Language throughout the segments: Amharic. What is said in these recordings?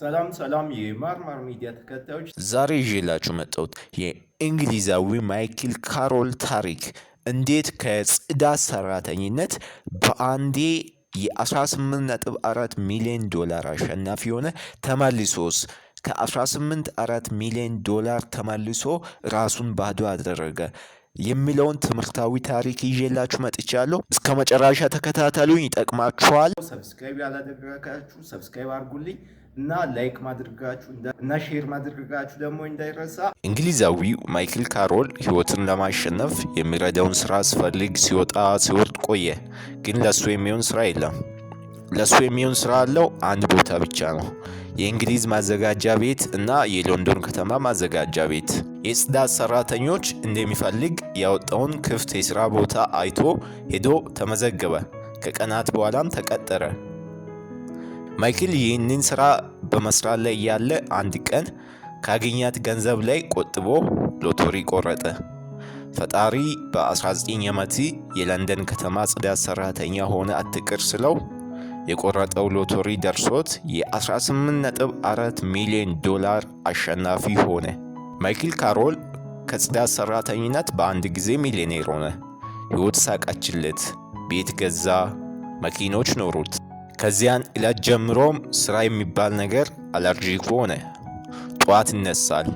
ሰላም ሰላም የማርማር ሚዲያ ተከታዮች፣ ዛሬ ይዤላችሁ መጣሁት የእንግሊዛዊ ማይክል ካሮል ታሪክ እንዴት ከጽዳት ሰራተኝነት በአንዴ የ18.4 ሚሊዮን ዶላር አሸናፊ የሆነ ተመልሶስ ከ18.4 ሚሊዮን ዶላር ተመልሶ ራሱን ባዶ አደረገ። የሚለውን ትምህርታዊ ታሪክ ይዤላችሁ መጥቻለሁ። እስከ መጨረሻ ተከታተሉኝ፣ ይጠቅማችኋል። ሰብስክራይብ ያላደረጋችሁ ሰብስክራይብ አድርጉልኝ እና ላይክ ማድረጋችሁ እና ሼር ማድረጋችሁ ደግሞ እንዳይረሳ። እንግሊዛዊው ማይክል ካሮል ህይወትን ለማሸነፍ የሚረዳውን ስራ አስፈልግ ሲወጣ ሲወርድ ቆየ። ግን ለእሱ የሚሆን ስራ የለም። ለእሱ የሚሆን ስራ አለው አንድ ቦታ ብቻ ነው፣ የእንግሊዝ ማዘጋጃ ቤት እና የሎንዶን ከተማ ማዘጋጃ ቤት። የጽዳት ሰራተኞች እንደሚፈልግ ያወጣውን ክፍት የስራ ቦታ አይቶ ሄዶ ተመዘገበ። ከቀናት በኋላም ተቀጠረ። ማይክል ይህንን ስራ በመስራት ላይ ያለ አንድ ቀን ካገኛት ገንዘብ ላይ ቆጥቦ ሎቶሪ ቆረጠ። ፈጣሪ በ19 ዓመት የለንደን ከተማ ጽዳት ሰራተኛ ሆነ አትቅር ስለው የቆረጠው ሎቶሪ ደርሶት የ18.4 ሚሊዮን ዶላር አሸናፊ ሆነ። ማይክል ካሮል ከጽዳት ሰራተኝነት በአንድ ጊዜ ሚሊዮኔር ሆነ። ሕይወት ሳቃችለት፣ ቤት ገዛ፣ መኪኖች ኖሩት። ከዚያን ዕለት ጀምሮም ስራ የሚባል ነገር አለርጂክ ሆነ። ጠዋት ይነሳል፣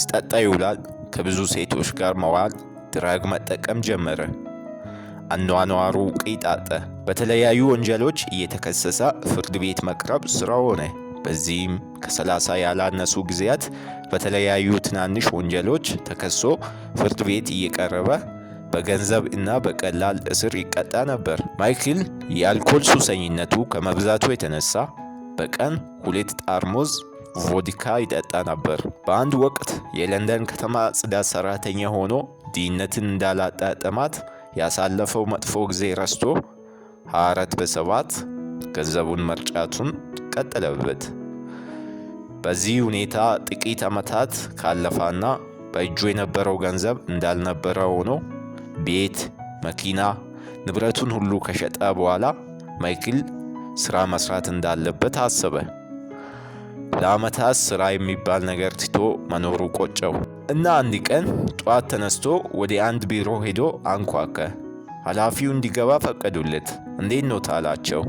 ሲጠጣ ይውላል፣ ከብዙ ሴቶች ጋር መዋል፣ ድራግ መጠቀም ጀመረ። አኗኗሩ ቂጣጣ፣ በተለያዩ ወንጀሎች እየተከሰሰ ፍርድ ቤት መቅረብ ስራ ሆነ። በዚህም ከሰላሳ ያላነሱ ጊዜያት በተለያዩ ትናንሽ ወንጀሎች ተከሶ ፍርድ ቤት እየቀረበ በገንዘብ እና በቀላል እስር ይቀጣ ነበር። ማይክል የአልኮል ሱሰኝነቱ ከመብዛቱ የተነሳ በቀን ሁለት ጠርሙስ ቮድካ ይጠጣ ነበር። በአንድ ወቅት የለንደን ከተማ ጽዳት ሰራተኛ ሆኖ ድህነትን እንዳላጣጠማት ያሳለፈው መጥፎ ጊዜ ረስቶ 24 በ7 ገንዘቡን መርጫቱን ቀጠለበት። በዚህ ሁኔታ ጥቂት ዓመታት ካለፋና በእጁ የነበረው ገንዘብ እንዳልነበረ ሆኖ ቤት፣ መኪና፣ ንብረቱን ሁሉ ከሸጠ በኋላ ማይክል ስራ መስራት እንዳለበት አሰበ። ለዓመታት ስራ የሚባል ነገር ትቶ መኖሩ ቆጨው እና አንድ ቀን ጠዋት ተነስቶ ወደ አንድ ቢሮ ሄዶ አንኳከ። ኃላፊው እንዲገባ ፈቀዱለት። እንዴት ኖት አላቸው።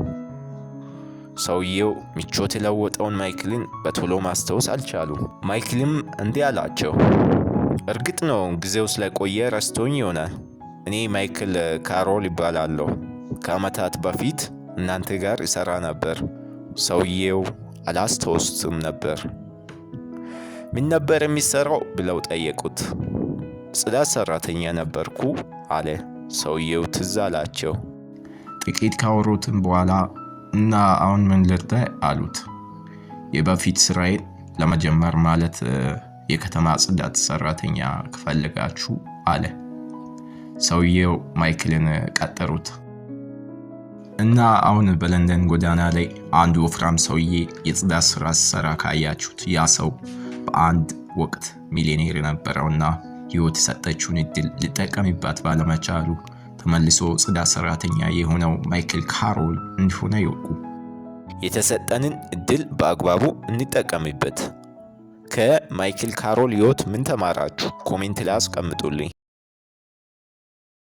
ሰውየው ምቾት የለወጠውን ማይክልን በቶሎ ማስታወስ አልቻሉም። ማይክልም እንዲህ አላቸው፣ እርግጥ ነው ጊዜው ስለቆየ ረስቶኝ ይሆናል። እኔ ማይክል ካሮል ይባላለሁ። ከዓመታት በፊት እናንተ ጋር ይሰራ ነበር። ሰውየው አላስታወስም ነበር። ምን ነበር የሚሰራው ብለው ጠየቁት። ጽዳት ሰራተኛ ነበርኩ አለ። ሰውየው ትዝ አላቸው። ጥቂት ካወሩትም በኋላ እና አሁን ምን ልርዳ አሉት። የበፊት ስራዬን ለመጀመር ማለት የከተማ ጽዳት ሰራተኛ ከፈለጋችሁ አለ። ሰውየው ማይክልን ቀጠሩት። እና አሁን በለንደን ጎዳና ላይ አንድ ወፍራም ሰውዬ የጽዳት ስራ ሲሰራ ካያችሁት፣ ያ ሰው በአንድ ወቅት ሚሊዮኔር የነበረውና ህይወት የሰጠችውን እድል ሊጠቀምባት ባለመቻሉ ተመልሶ ጽዳት ሰራተኛ የሆነው ማይክል ካሮል እንደሆነ ይወቁ። የተሰጠንን እድል በአግባቡ እንጠቀምበት። ከማይክል ካሮል ህይወት ምን ተማራችሁ? ኮሜንት ላይ አስቀምጡልኝ።